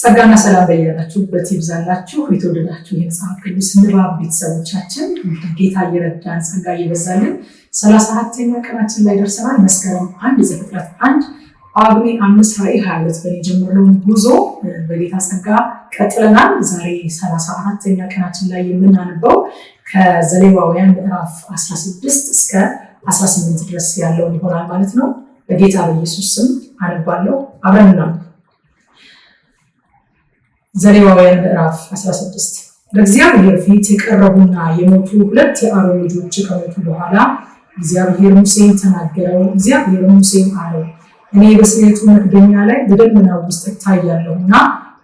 ጸጋና ሰላም በያላችሁበት ይብዛላችሁ። የተወደዳችሁ የመጽሐፍ ቅዱስ ንባብ ቤተሰቦቻችን ጌታ እየረዳን ጸጋ እየበዛልን ሰላሳ አራተኛ ቀናችን ላይ ደርሰናል። መስከረም አንድ ዘፍጥረት አንድ ጳጉሜ አምስት ራዕይ ሀያ ሁለት ብለን የጀመርነውን ጉዞ በጌታ ጸጋ ቀጥለናል። ዛሬ ሰላሳ አራተኛ ቀናችን ላይ የምናነበው ከዘሌዋውያን ምዕራፍ 16 እስከ 18 ድረስ ያለውን ይሆናል ማለት ነው። በጌታ በኢየሱስ ስም አነባለሁ። አብረን ዘሌዋውያን ምዕራፍ 16 በእግዚአብሔር ፊት የቀረቡና የሞቱ ሁለት የአሮን ልጆች ከሞቱ በኋላ እግዚአብሔር ሙሴን ተናገረው። እግዚአብሔር ሙሴን አለው፣ እኔ በስሌቱ መክደኛ ላይ በደመናው ውስጥ እታያለሁና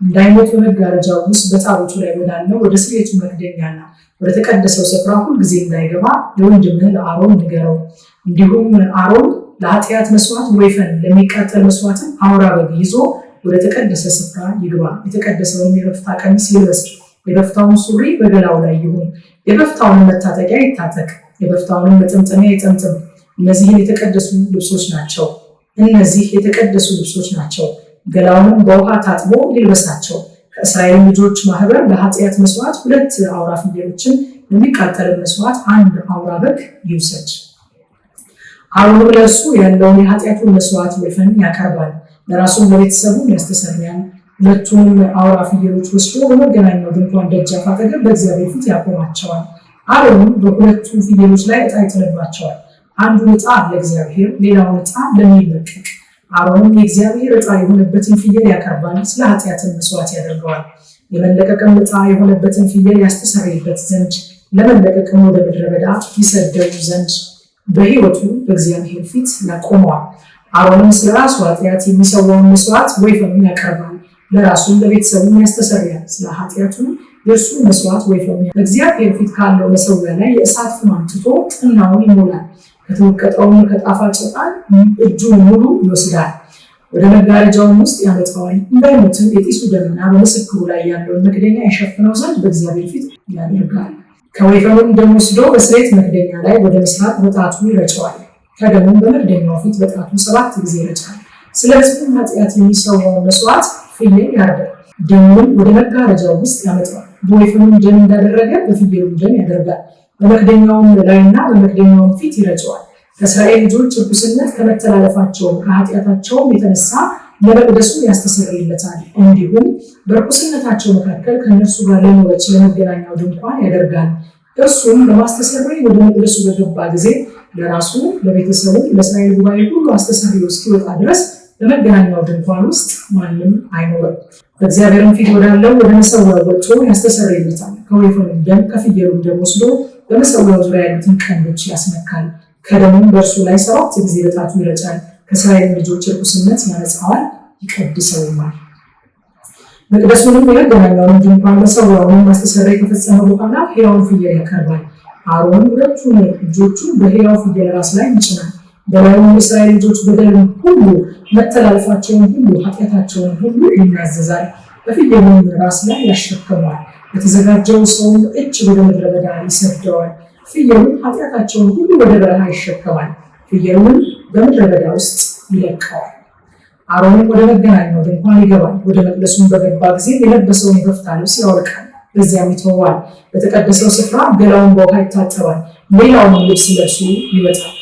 እንዳይሞቱ መጋረጃው ውስጥ በታቦቱ ላይ ወዳለው ወደ ስሌቱ መክደኛና ወደ ተቀደሰው ስፍራ ሁልጊዜ እንዳይገባ ለወንድምህ ለአሮን ንገረው። እንዲሁም አሮን ለኃጢአት መስዋዕት ወይፈን ለሚቃጠል መስዋዕትም አውራ በግ ይዞ ወደ ተቀደሰ ስፍራ ይግባ። የተቀደሰውን የበፍታ ቀሚስ ይልበስ። የበፍታውን ሱሪ በገላው ላይ ይሁን። የበፍታውን መታጠቂያ ይታጠቅ። የበፍታውንም መጠምጠሚያ ይጠምጥም። እነዚህን የተቀደሱ ልብሶች ናቸው። እነዚህ የተቀደሱ ልብሶች ናቸው። ገላውንም በውሃ ታጥቦ ይልበሳቸው። ከእስራኤል ልጆች ማህበር ለኃጢአት መስዋዕት ሁለት አውራ ፍየሎችን የሚቃጠልን መስዋዕት አንድ አውራ በግ ይውሰድ። አሮንም ለእርሱ ያለውን የኃጢአቱን መስዋዕት ወይፈን ያቀርባል። ለራሱም ለቤተሰቡ ያስተሰርያል። ሁለቱንም አውራ ፍየሎች ወስዶ በመገናኛው ድንኳን ደጃፍ አጠገብ በእግዚአብሔር ፊት ያቆማቸዋል። አሮንም በሁለቱ ፍየሎች ላይ እጣ ይጥልባቸዋል። አንዱን እጣ ለእግዚአብሔር፣ ሌላውን እጣ ለሚለቀቅ። አሮንም የእግዚአብሔር እጣ የሆነበትን ፍየል ያቀርባል፣ ስለ ኃጢአትን መስዋዕት ያደርገዋል። የመለቀቅም እጣ የሆነበትን ፍየል ያስተሰርይበት ዘንድ ለመለቀቅም ወደ ምድረ በዳ ይሰደው ዘንድ በሕይወቱ በእግዚአብሔር ፊት ያቆመዋል። አሮንም ስለ ራሱ ኃጢአት የሚሰዋውን መስዋዕት ወይፈኑን ያቀርባል። ለራሱም ለቤተሰቡም ያስተሰርያል። ስለ ኃጢአቱም የእርሱ መስዋዕት ወይፈኑን በእግዚአብሔር ፊት ካለው መሰዊያ ላይ የእሳት ፍማን ትቶ ጥናውን ይሞላል። ከተወቀጠውም ከጣፋጭ ዕጣን እጁን ሙሉ ይወስዳል። ወደ መጋረጃውም ውስጥ ያመጣዋል። እንዳይሞትም የጢሱ ደመና በምስክሩ ላይ ያለውን መክደኛ የሸፍነው ዘንድ በእግዚአብሔር ፊት ያደርጋል። ከወይፈኑም ደም ወስዶ በስሬት መክደኛ ላይ ወደ መስራት በጣቱ ይረጨዋል። ከደሙም በመክደኛው ፊት በጣቱ ሰባት ጊዜ ይረጫል። ስለ ሕዝቡም ኃጢአት የሚሰዋው መስዋዕት ፍየል ያርዳል። ደሙን ወደ መጋረጃው ውስጥ ያመጣዋል። በወይፈኑም ደም እንዳደረገ በፍየሉም ደም ያደርጋል። በመክደኛውም ላይና በመክደኛውም ፊት ይረጨዋል። ከእስራኤል ልጆች እርኩስነት ከመተላለፋቸውም ከኃጢአታቸውም የተነሳ ለመቅደሱ ያስተሰርይለታል። እንዲሁም በርኩስነታቸው መካከል ከእነርሱ ጋር ለኖረች ለመገናኛው ድንኳን ያደርጋል። እርሱም ለማስተሰረይ ወደ መቅደሱ በገባ ጊዜ ለራሱ ለቤተሰቡ፣ ለእስራኤል ጉባኤ ሁሉ አስተሳሪው እስኪወጣ ድረስ በመገናኛው ድንኳን ውስጥ ማንም አይኖርም። በእግዚአብሔርም ፊት ወዳለው ወደ መሰዊያው ወጥቶ ያስተሰርይለታል። ከወይፈኑም ደም ከፍየሉም ደም ወስዶ በመሰዊያው ዙሪያ ያሉትን ቀንዶች ያስነካል። ከደሙም በእርሱ ላይ ሰባት ጊዜ በጣቱ ይረጫል። ከእስራኤል ልጆች ርኩስነት ያነጻዋል፣ ይቀድሰውማል። መቅደሱንም የመገናኛውን ድንኳን መሰዊያውንም ማስተሰረይ ከፈጸመ በኋላ ሕያውን ፍየል ያቀርባል። አሮን ሁለቱን እጆቹን በሕያው ፍየል ራስ ላይ ይጭናል። በላዩም የእስራኤል ልጆች በደልን ሁሉ መተላለፋቸውን ሁሉ ኃጢአታቸውን ሁሉ ይናዘዛል፣ በፍየሉም ራስ ላይ ያሸክመዋል። በተዘጋጀው ሰውም እጅ ወደ ምድረ በዳ ይሰደዋል። ፍየሉም ኃጢአታቸውን ሁሉ ወደ በረሃ ይሸከማል። ፍየሉን በምድረ በዳ ውስጥ ይለቀዋል። አሮንም ወደ መገናኛው ድንኳን ይገባል። ወደ መቅደሱን በገባ ጊዜ የለበሰውን በፍታ ልብስ ያወልቃል በዚያም ይተዋል። በተቀደሰው ስፍራ ገላውን በውሃ ይታጠባል፣ ሌላውን ልብስ ለብሶ ይወጣል።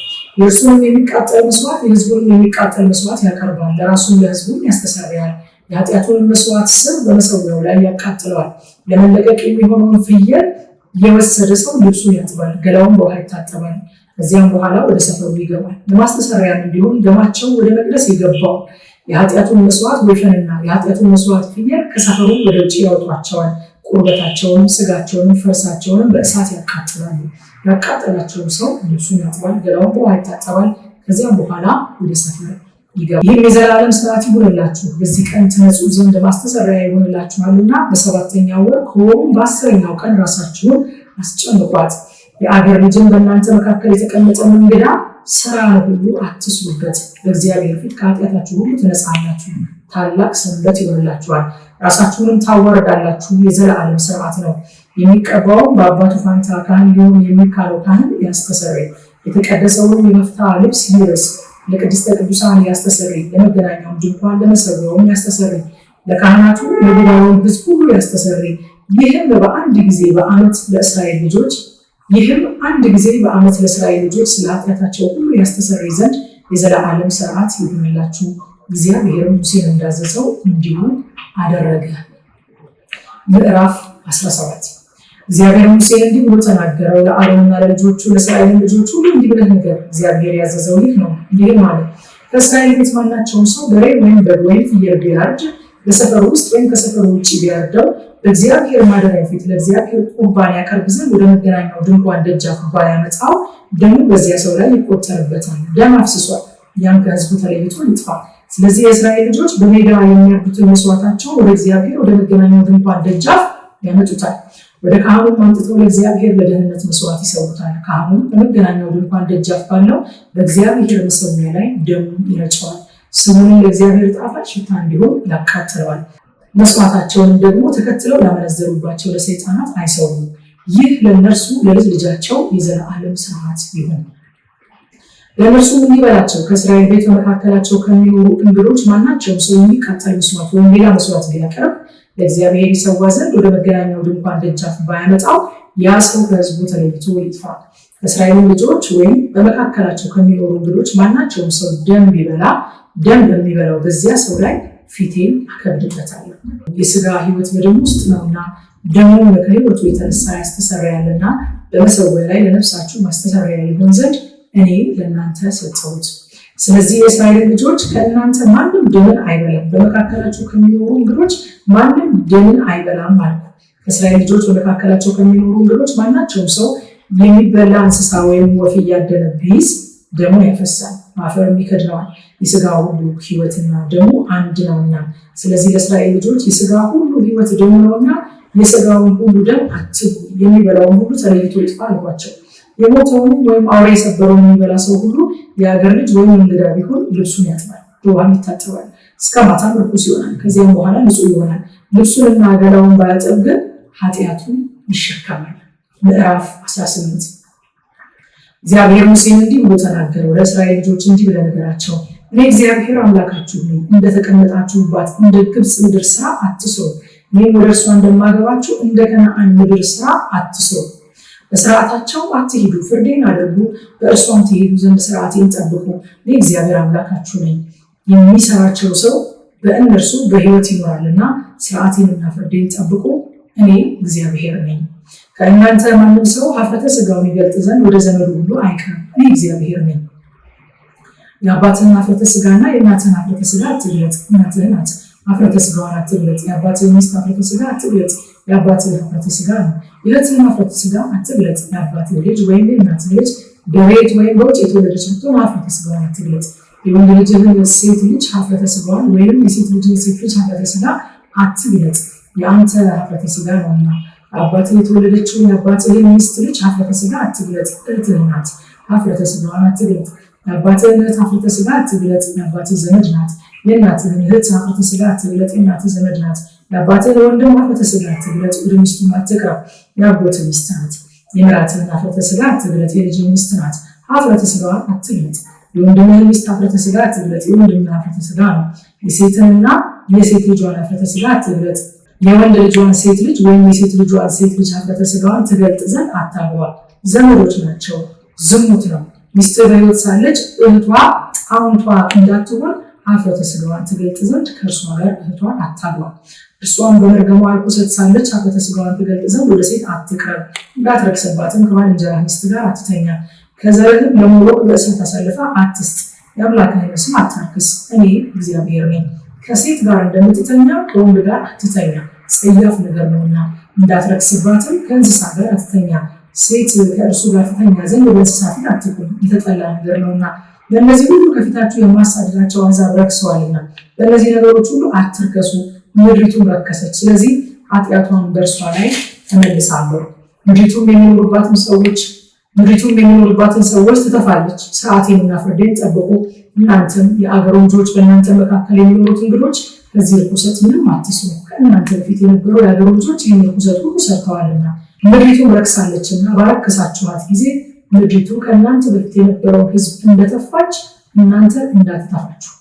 የእርሱንም የሚቃጠል መስዋዕት የሕዝቡንም የሚቃጠል መስዋዕት ያቀርባል፣ ለራሱም ለሕዝቡም ያስተሰርያል። የኃጢአቱን መስዋዕት ስም በመሰዊያው ላይ ያቃጥለዋል። ለመለቀቅ የሚሆነውን ፍየል የወሰደ ሰው ልብሱን ያጥባል፣ ገላውን በውሃ ይታጠባል። ከዚያም በኋላ ወደ ሰፈሩ ይገባል። ለማስተሰሪያም እንዲሆን ደማቸው ወደ መቅደስ የገባው የኃጢአቱን መስዋዕት ወይፈንና የኃጢአቱን መስዋዕት ፍየል ከሰፈሩ ወደ ውጭ ያወጧቸዋል። ቁርበታቸውን፣ ስጋቸውን፣ ፈርሳቸውን በእሳት ያቃጥላሉ። ያቃጠላቸው ሰው ልብሱን ያጥባል፣ ገላውን በውሃ ይታጠባል። ከዚያም በኋላ ወደ ሰፈር ይገባል። ይህም የዘላለም ስርዓት ይሆንላችሁ በዚህ ቀን ትነጹ ዘንድ ማስተሰሪያ ይሆንላችኋልና። በሰባተኛው ወር ከወሩም በአስረኛው ቀን ራሳችሁን አስጨንቋት። የአገር ልጅን በእናንተ መካከል የተቀመጠ እንግዳ ስራ ሁሉ አትስሩበት፣ በእግዚአብሔር ፊት ከኃጢአታችሁ ሁሉ ትነጻላችሁ። ታላቅ ሰንበት ይሆንላችኋል፣ ራሳችሁንም ታዋርዳላችሁ። የዘላለም ስርዓት ነው። የሚቀባውም በአባቱ ፋንታ ካህን ሊሆን የሚካለው ካህን ያስተሰርይ፣ የተቀደሰውን የመፍታ ልብስ ይልበስ። ለቅድስተ ቅዱሳን ያስተሰርይ፣ ለመገናኛው ድንኳን ለመሰዊያውም ያስተሰርይ፣ ለካህናቱ ለጉባኤውን ሕዝብ ሁሉ ያስተሰርይ። ይህም በአንድ ጊዜ በአመት ለእስራኤል ልጆች ይህም አንድ ጊዜ በአመት ለእስራኤል ልጆች ስለ ኃጢአታቸው ሁሉ ያስተሰርይ ዘንድ የዘላለም ስርዓት ይሆንላችሁ እግዚአብሔር ሙሴን እንዳዘዘው እንዲሁም አደረገ። ምዕራፍ 17 እግዚአብሔር ሙሴን እንዲህ ብሎ ተናገረው፣ ለአሮንና ለልጆቹ ለእስራኤልን ልጆች ሁሉ እንዲህ ብለህ ንገር፣ እግዚአብሔር ያዘዘው ይህ ነው። ይህ ማለት ከእስራኤል ቤት ማናቸውም ሰው በሬ ወይም በግ ወይም ፍየል ቢያርድ በሰፈሩ ውስጥ ወይም ከሰፈሩ ውጭ ቢያርደው በእግዚአብሔር ማደሪያ ፊት ለእግዚአብሔር ቁርባን ያቀርብ ዘንድ ወደ መገናኛው ድንኳን ደጃፍ ባያመጣው ደሙ በዚያ ሰው ላይ ይቆጠርበታል። ደም አፍስሷል፣ ያም ከህዝቡ ተለይቶ ይጥፋል። ስለዚህ የእስራኤል ልጆች በሜዳ የሚያርዱትን መስዋዕታቸው ወደ እግዚአብሔር ወደ መገናኛው ድንኳን ደጃፍ ያመጡታል። ወደ ካህኑ አምጥተው ለእግዚአብሔር ለደህንነት መስዋዕት ይሰውታል። ካህኑ በመገናኛው ድንኳን ደጃፍ ባለው በእግዚአብሔር መሰዊያ ላይ ደሙን ይረጨዋል። ስሙን ለእግዚአብሔር ጣፋጭ ሽታ እንዲሆን ያቃጥለዋል። መስዋዕታቸውንም ደግሞ ተከትለው ላመነዘሩባቸው ለሰይጣናት አይሰውም። ይህ ለእነርሱ ለልጅ ልጃቸው የዘላለም ስርዓት ይሆናል። ለእነርሱም እንዲህ በላቸው፣ ከእስራኤል ቤት በመካከላቸው ከሚኖሩ እንግዶች ማናቸውም ሰው የሚቃጠል መስዋዕት ወይም ሌላ መስዋዕት ቢያቀርብ ለእግዚአብሔር ይሰዋ ዘንድ ወደ መገናኛው ድንኳን ደጃፍ ባያመጣው ያ ሰው ከሕዝቡ ተለይቶ ይጥፋ። ከእስራኤል ልጆች ወይም በመካከላቸው ከሚኖሩ እንግዶች ማናቸውም ሰው ደም ቢበላ ደም በሚበላው በዚያ ሰው ላይ ፊቴን አከብድበታለሁ። የስጋ ህይወት በደም ውስጥ ነውና ደሙም ከህይወቱ የተነሳ ያስተሰረያልና በመሰዊያ ላይ ለነፍሳችሁ ማስተሰረያ ይሆን ዘንድ እኔ ለእናንተ ሰጠሁት። ስለዚህ የእስራኤል ልጆች ከእናንተ ማንም ድንን አይበላም፣ በመካከላቸው ከሚኖሩ እንግዶች ማንም ድንን አይበላም ማለት ከእስራኤል ልጆች በመካከላቸው ከሚኖሩ እንግዶች ማናቸውም ሰው የሚበላ እንስሳ ወይም ወፍ እያደነ ቢይዝ ደግሞ ያፈሳል፣ ማፈርም ይከድነዋል። የስጋ ሁሉ ህይወትና ደግሞ አንድ ነውና፣ ስለዚህ ለእስራኤል ልጆች የስጋ ሁሉ ህይወት ደግሞ ነውና የስጋውን ሁሉ ደም አትጉ፣ የሚበላውን ሁሉ ተለይቶ ይጥፋ አልኳቸው። የሞተውን ወይም አውሬ የሰበረውን የሚበላ ሰው ሁሉ የሀገር ልጅ ወይም እንግዳ ቢሆን ልብሱን ያጥባል፣ በውሃም ይታጠባል፣ እስከ ማታም ርኩስ ይሆናል። ከዚያም በኋላ ንጹሕ ይሆናል። ልብሱንና አገላውን ባያጠብ ግን ኃጢአቱን ይሸከማል። ምዕራፍ 18 እግዚአብሔር ሙሴን እንዲህ ብሎ ተናገረው። ለእስራኤል ልጆች እንዲህ ብለህ ንገራቸው፣ እኔ እግዚአብሔር አምላካችሁ ነኝ። እንደተቀመጣችሁባት እንደ ግብፅ ምድር ስራ አትሰው እኔም ወደ እርሷ እንደማገባችሁ እንደ ከነዓን ምድር ስራ አትሰው በስርዓታቸው አትሄዱ፣ ፍርዴን አደርጉ፣ በእርሷም ትሄዱ ዘንድ ስርዓቴን ጠብቁ፣ እኔ እግዚአብሔር አምላካችሁ ነኝ። የሚሰራቸው ሰው በእነርሱ በህይወት ይኖራልና ስርዓቴንና ፍርዴን ጠብቁ፣ እኔ እግዚአብሔር ነኝ። ከእናንተ ማንም ሰው ኃፍረተ ስጋውን ይገልጥ ዘንድ ወደ ዘመዱ ሁሉ አይቅረብ፣ እኔ እግዚአብሔር ነኝ። የአባትን ኃፍረተ ሥጋና የእናትን ኃፍረተ ሥጋ አትግለጥ፣ ናት። አፍረተ ስጋዋን አትግለጽ፣ የአባትህን ሚስት ኀፍረተ ስጋ አትግለጽ፣ የአባትህ ኀፍረተ ስጋ ነው። የእህትህን ኀፍረተ ስጋ አትግለጽ፣ የአባትህ ልጅ ወይም የእናትህ ልጅ በቤት ወይም በውጭ የተወለደች ብትሆን ኀፍረተ ስጋዋን አትግለጽ። የወንድ ልጅህን ሴት ልጅ ኀፍረተ ስጋዋን ወይም የሴት ልጅ ሴት ልጅ ኀፍረተ ስጋ አትግለጽ፣ የአንተ ኀፍረተ ስጋ ነውና። አባትህ የተወለደችው የአባትህን ሚስት ልጅ ኀፍረተ ስጋ አትግለጽ፣ እህትህ ናት፣ ኀፍረተ ስጋዋን አትግለጽ። የአባትህን እህት ኀፍረተ ስጋ አትግለጽ፣ የአባትህ ዘመድ ናት። የእናትህን እህት ሀፍረተ ስጋ አትግለጥ፣ የእናትህ ዘመድ ናት። የአባትህ ወንድም ሀፍረተ ስጋ አትግለጥ፣ ወደ ሚስቱም አትቅረብ፣ የአጎትህ ሚስት ናት። የምራትህን ሀፍረተ ስጋ አትግለጥ፣ የልጅ ሚስት ናት። ሚስት ሀፍረተ ስጋ አትግለጥ፣ የወንድምህ ሀፍረተ ስጋ ነው። የሴትንና የሴት ልጇን ሀፍረተ ስጋ አትግለጥ። የወንድ ልጇን ሴት ልጅ ወይም የሴት ልጇን ሴት ልጅ ሀፍረተ ስጋዋን ትገልጥ ዘንድ አታግባ፣ ዘመዶች ናቸው። ዝሙት ነው። ሚስትህ በሕይወት ሳለች እህቷ ጣውንቷ እንዳትሆን ኀፍረተ ሥጋዋን ትገልጥ ዘንድ ከእርሷ ጋር እህቷን አታግባ። እርሷን በመርገሟ ርኩሰት ሳለች ኀፍረተ ስጋዋን ትገልጥ ዘንድ ወደ ሴት አትቅረብ፣ እንዳትረክሰባትም። ከባልንጀራ ሚስት ጋር አትተኛ። ከዘርህም ለሞሎቅ ለእሳት አሳልፋ አትስጥ። የአምላክህን ስም አታርክስ። እኔ እግዚአብሔር ነኝ። ከሴት ጋር እንደምትተኛ ከወንድ ጋር አትተኛ፣ ጸያፍ ነገር ነውና። እንዳትረክስባትም ከእንስሳ ጋር አትተኛ። ሴት ከእርሱ ጋር ትተኛ ዘንድ ወደ እንስሳ ፊት አትቁም፣ የተጠላ ነገር ነውና በእነዚህ ሁሉ ከፊታችሁ የማሳድዳቸው አሕዛብ ረክሰዋልና በእነዚህ ነገሮች ሁሉ አትርከሱ፣ ምድሪቱን ረከሰች፣ ስለዚህ ኃጢአቷን በእርሷ ላይ ተመልሳለሁ። ምድሪቱም የሚኖሩባትን ሰዎች ምድሪቱም የሚኖሩባትን ሰዎች ትተፋለች። ስርዓቴንና ፍርዴን ጠብቁ፣ እናንተም የአገር ልጆች፣ በእናንተ መካከል የሚኖሩት እንግዶች ከዚህ ርኩሰት ምንም አትስሙ። ከእናንተ በፊት የነበረው የአገር ልጆች ይህን ርኩሰት ሁሉ ሰርተዋልና ምድሪቱም ረክሳለችና ባረከሳችኋት ጊዜ ምድሪቱ ከእናንተ በፊት የነበረው ህዝብ እንደጠፋች እናንተ እንዳትጠፋችሁ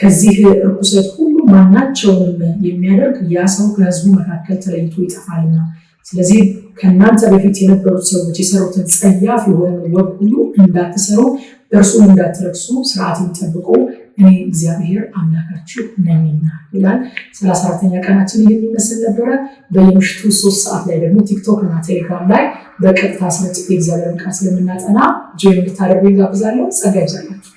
ከዚህ ርኩሰት ሁሉ ማናቸውም የሚያደርግ ያ ሰው ከህዝቡ መካከል ተለይቶ ይጠፋልና። ስለዚህ ከእናንተ በፊት የነበሩት ሰዎች የሰሩትን ጸያፍ የሆነ ወግ ሁሉ እንዳትሰሩ፣ እርሱን እንዳትረግሱ፣ ስርዓትን ጠብቆ እኔ እግዚአብሔር አምላካችሁ ነኝና ይላል። ሰላሳ አራተኛ ቀናችን ይህን ይመስል ነበረ። በየምሽቱ ሶስት ሰዓት ላይ ደግሞ ቲክቶክ እና ቴሌግራም ላይ በቀጥታ ስለ ጽጌ እግዚአብሔርን ቃል ስለምናጠና ጆይን እንድታደርጉ ይጋብዛለሁ። ጸጋ ይብዛላችሁ።